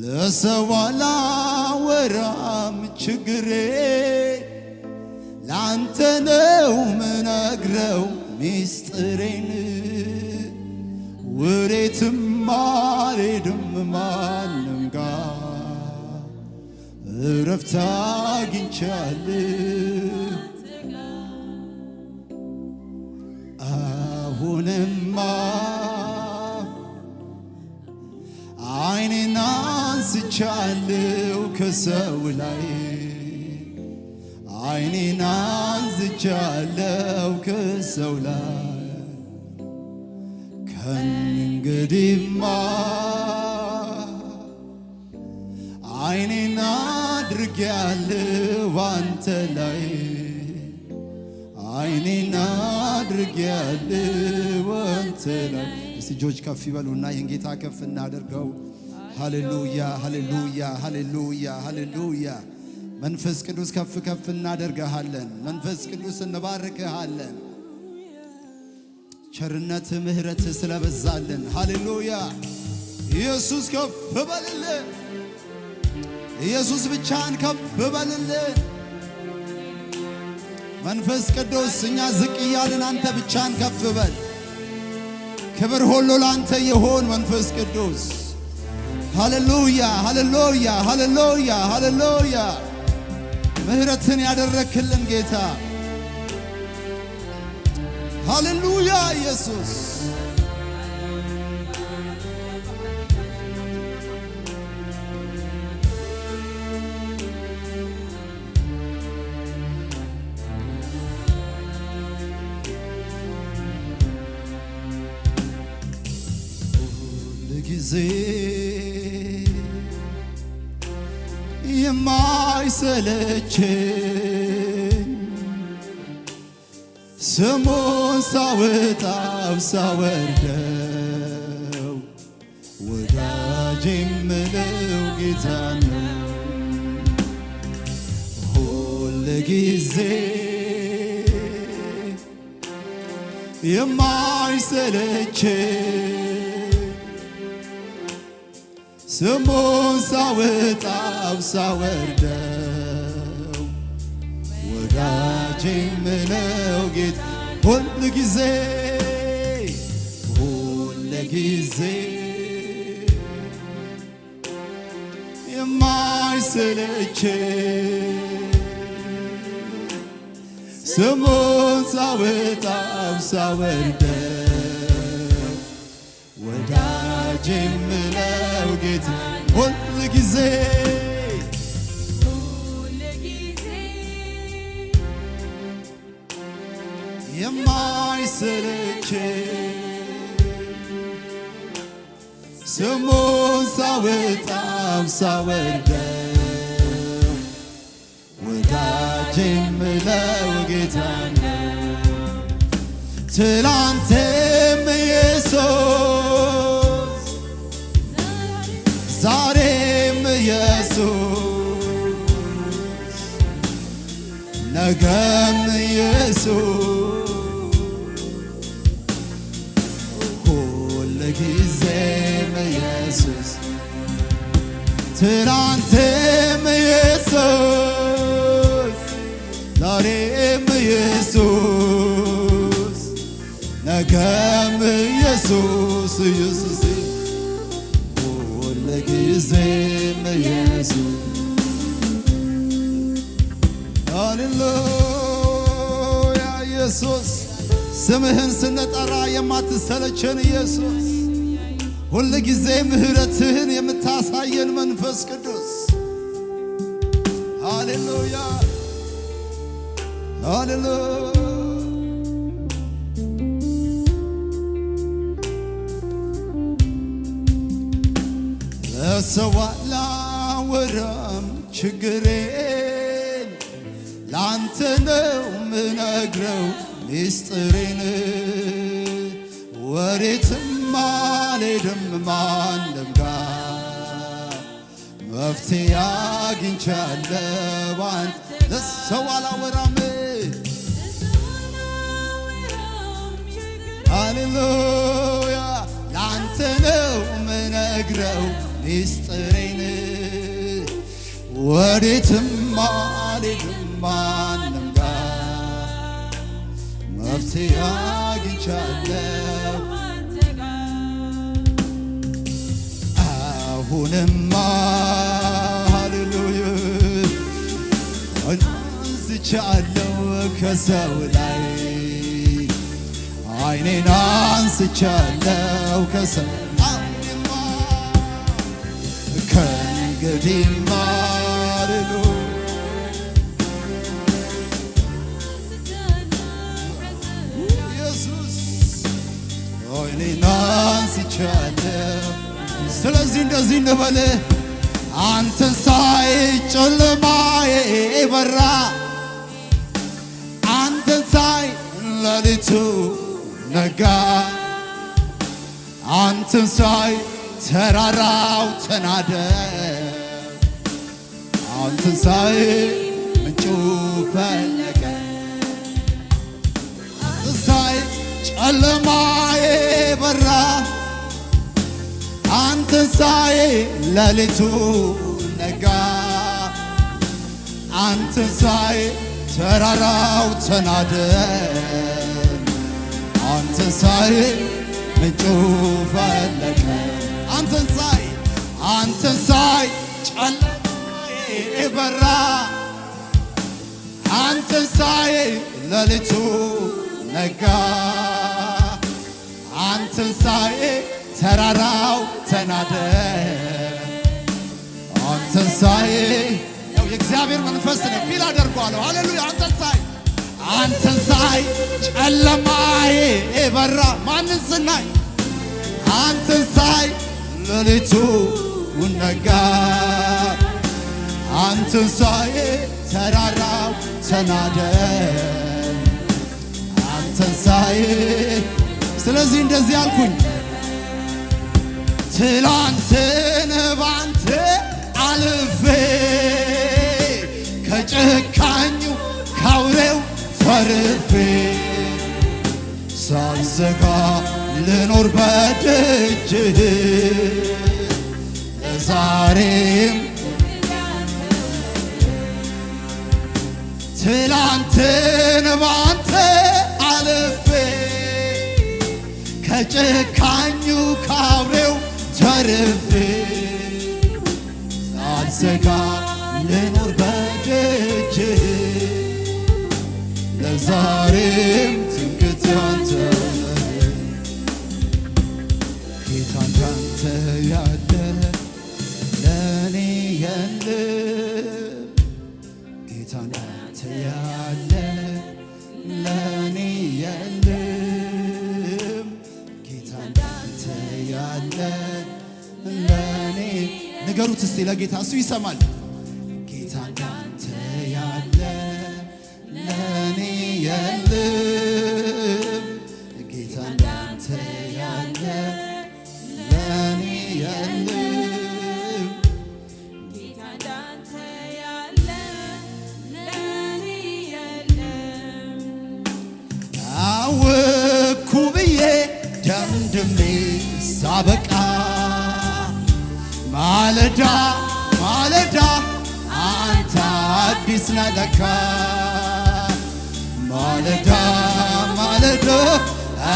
ለሰው አላወራም ችግሬ ለአንተ ነው ምነግረው ሚስጥሬን ወዴትም አልሄድም ማንም ጋር እረፍት አግኝቻለሁ አሁንማ ወጥቻለሁ ከሰው ላይ አይኔን አንዝቻለሁ ከሰው ላይ ከእንግዲህማ አይኔን አድርጌያለሁ ዋንተ ላይ አይኔን አድርጌያለሁ ባንተ ላይ። እስቲ እጆች ከፍ ይበሉና የንጌታ ከፍ እናደርገው ሃሌሉያ ሃሌሉያ ሃሌሉያ ሃሌሉያ። መንፈስ ቅዱስ ከፍ ከፍ እናደርግሃለን። መንፈስ ቅዱስ እንባርክሃለን። ቸርነት ምህረት ስለበዛልን ሃሌሉያ። ኢየሱስ ከፍ በልልን። ኢየሱስ ብቻን ከፍ በልልን። መንፈስ ቅዱስ እኛ ዝቅ እያልን አንተ ብቻን ከፍ በል። ክብር ሁሉ ለአንተ ይሁን መንፈስ ቅዱስ ሃሌሉያ ሃሌሉያ ሃሌሉያ ሃሌሉያ ምህረትን ያደረክልን ጌታ ሃሌሉያ ኢየሱስ ጊዜ የማይሰለቸኝ ስሙን ሳወጣው ሳወርደው ወዳጅ የምለው ጌታ ነው። ሁል ጊዜ የማይሰለቸኝ ስሙን ሳወጣው ሳወርደው ወዳጄ ምለው ጌታ ሁል ጊዜ ሁል ጊዜ የማይሰለቸኝ ስሙን ሳወጣው ሳወርደው ወዳጄ ምለው ጌታ ሁል ጊዜ የማይሰለች ስሙን ሳወጣም ሳወርደው ወዳጄ ምለው ጌታ ትላንቴም ኢየሱስ ጌታችን ኢየሱስ ሁል ጊዜም ኢየሱስ ትናንትም ኢየሱስ ዛሬም ኢየሱስ ነገም ኢየሱስ ኢየሱስ ሁል ጊዜም ኢየሱስ ሃሌሉያ ኢየሱስ ስምህን ስንጠራ የማትሰለቸን ኢየሱስ ሁል ጊዜ ምሕረትህን የምታሳየን መንፈስ ቅዱስ ሃሌሉያ ሃሌሉያ ለሰው አላወራም ችግሬ ላንተ ነው ምነግረው ሚስጥሬን ወዴትም አልሄድም ማንም ጋር መፍትሄ አግኝቻለሁ ባንተ ለሰው አላወራም ሃሌሉያ ላንተ ነው ምነግረው ሚስጥሬን ወዴትም አልሄድም ከማንም ጋር መፍትሄ አግኝቻለሁ። አሁንማ ሃሌሉያ አንስቻለሁ ከሰው ላይ አይኔን አንስቻለሁ ከሰው ከእንግዲህ ሃሌሉያ እኔን ስለዚህ እንደዚህ እንበል አንተን ሳይ ጨለማዬ በራ፣ አንተን ሳይ ሌሊቱ ነጋ፣ አንተን ሳይ ተራራው ተናደ፣ አንተን ሳይ ምንጩ ፈለገ ጨለማዬ በራ አንትንሳዬ ለሊቱ ነጋ አንትንሳዬ ተራራው ተናደም አንትንሳዬ ምንጩ ፈለቀ አንትንሳይ አንትንሳይ ጨለማዬ በራ አንትንሳዬ ለሊቱ ነጋ ትንሣኤ ተራራው ተናደ። አንተ ትንሣኤ ያው የእግዚአብሔር መንፈስ ነው ፊል አደርጓለሁ። ሃሌሉያ አንተ ትንሣኤ አንተ ትንሣኤ ጨለማዬ በራ ማንን ስናይ አንተ ትንሣኤ ሌሊቱ ነጋ። አንተ ትንሣኤ ተራራው ተናደ። አንተ ትንሣኤ ስለዚህ እንደዚህ አልኩኝ፣ ትላንትን ባንተ አልፌ ከጨካኙ ካውሬው ፈርፌ ሳልዘጋ ልኖር በደጅህ ዛሬም ትላንትን ባንተ ከጨካኙ ካብሬው ተርፌ ሳልሰጋ ልኖር በደጅ ለዛሬም ትምክህት ያንተ ጌታ እንዳንተ ያለ ለእኔ የለም ጌታ እንዳንተ ያለ ለእኔ የለም ንገሩት እስቲ ለጌታ እሱ ይሰማል። ጌታ እንዳንተ ያለ ለኔ የለም፣ ጌታ እንዳንተ ያለ ለእኔ የለም ጌታ እንዳንተ ያለ ለእኔ የለም አንተ አዲስ ነህ ማለዳ ማለዳ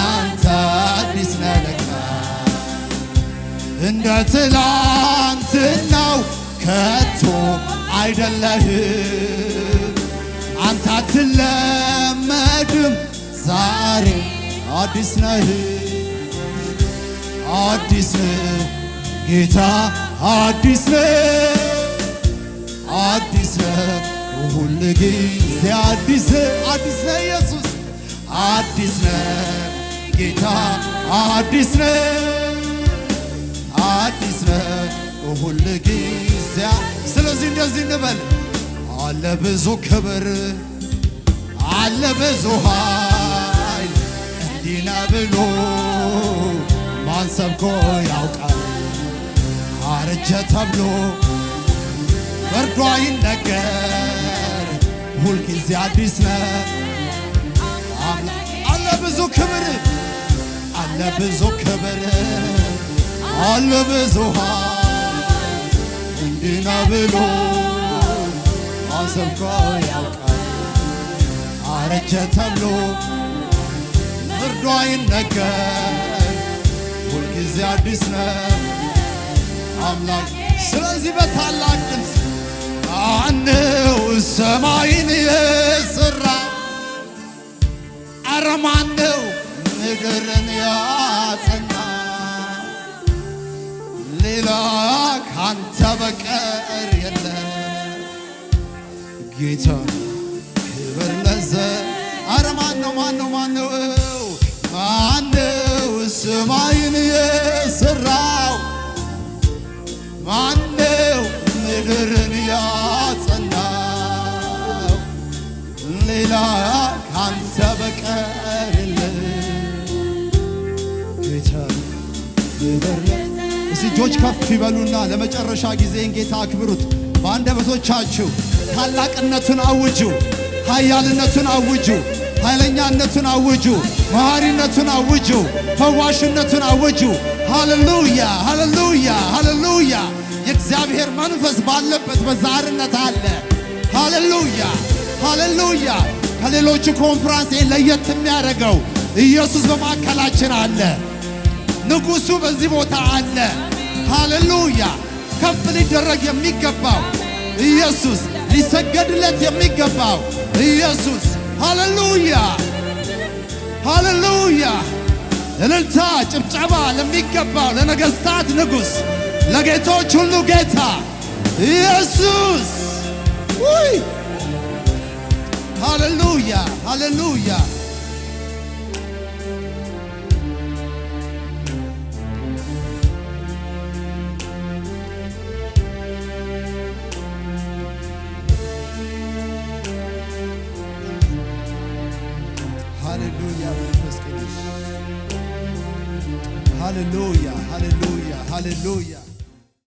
አንተ አዲስ ነህ እንደ ትላንትናው ከቶ አይደለህም አንተ አትለመድም ዛሬ አዲስ ነህ አዲስ ጌታ አዲስ ነህ አዲስ ነው ሁል ጊዜ አዲስ አዲስ ኢየሱስ አዲስ ነው ጌታ አዲስ ነው አዲስ ነው ሁል ጊዜ ስለዚህ እንደዚህ እንበል አለ ብዙ ክብር አለ ብዙ ኃይል እንዲና ብሎ ማን ሰብኮ ያውቃል አረጀ ተብሎ ፍርዷ ይነገር ሁልጊዜ አዲስ ነው። አለ ብዙ ክብር አለ ብዙ ክብር አለ ብዙ እንዲና ብሎ አሰብኳ ያውቃል አረጀ ተብሎ ፍርዷ ይነገር ሁልጊዜ አዲስ ነው አምላክ ስለዚህ በታላቅ ማነው ሰማይን የሰራ? አረ ማነው ምድርን ያጸና? ሌላ ካንተ በቀር የለም ጌታ ክብር ለዘ አረ ማነው ማነው ማነው ማነው ሰማይን የሰራ እጆች ከፍ ይበሉና ለመጨረሻ ጊዜን ጌታ አክብሩት። በአንደበቶቻችሁ ታላቅነቱን አውጁ፣ ኃያልነቱን አውጁ፣ ኃይለኛነቱን አውጁ፣ መሐሪነቱን አውጁ፣ ፈዋሽነቱን አውጁ። ሃሌሉያ፣ ሃሌሉያ፣ ሃሌሉያ። የእግዚአብሔር መንፈስ ባለበት በዛርነት አለ። ሃሌሉያ፣ ሃሌሉያ። ከሌሎቹ ኮንፍራንስ ለየት የሚያደርገው ኢየሱስ በማዕከላችን አለ። ንጉሡ በዚህ ቦታ አለ። ሃሌሉያ! ከፍ ሊደረግ የሚገባው ኢየሱስ፣ ሊሰገድለት የሚገባው ኢየሱስ። ሃሌሉያ! ሃሌሉያ! እልልታ ጭብጨባ ለሚገባው ለነገሥታት ንጉሥ ለጌቶች ሁሉ ጌታ ኢየሱስ። ሃሌሉያ! ሃሌሉያ!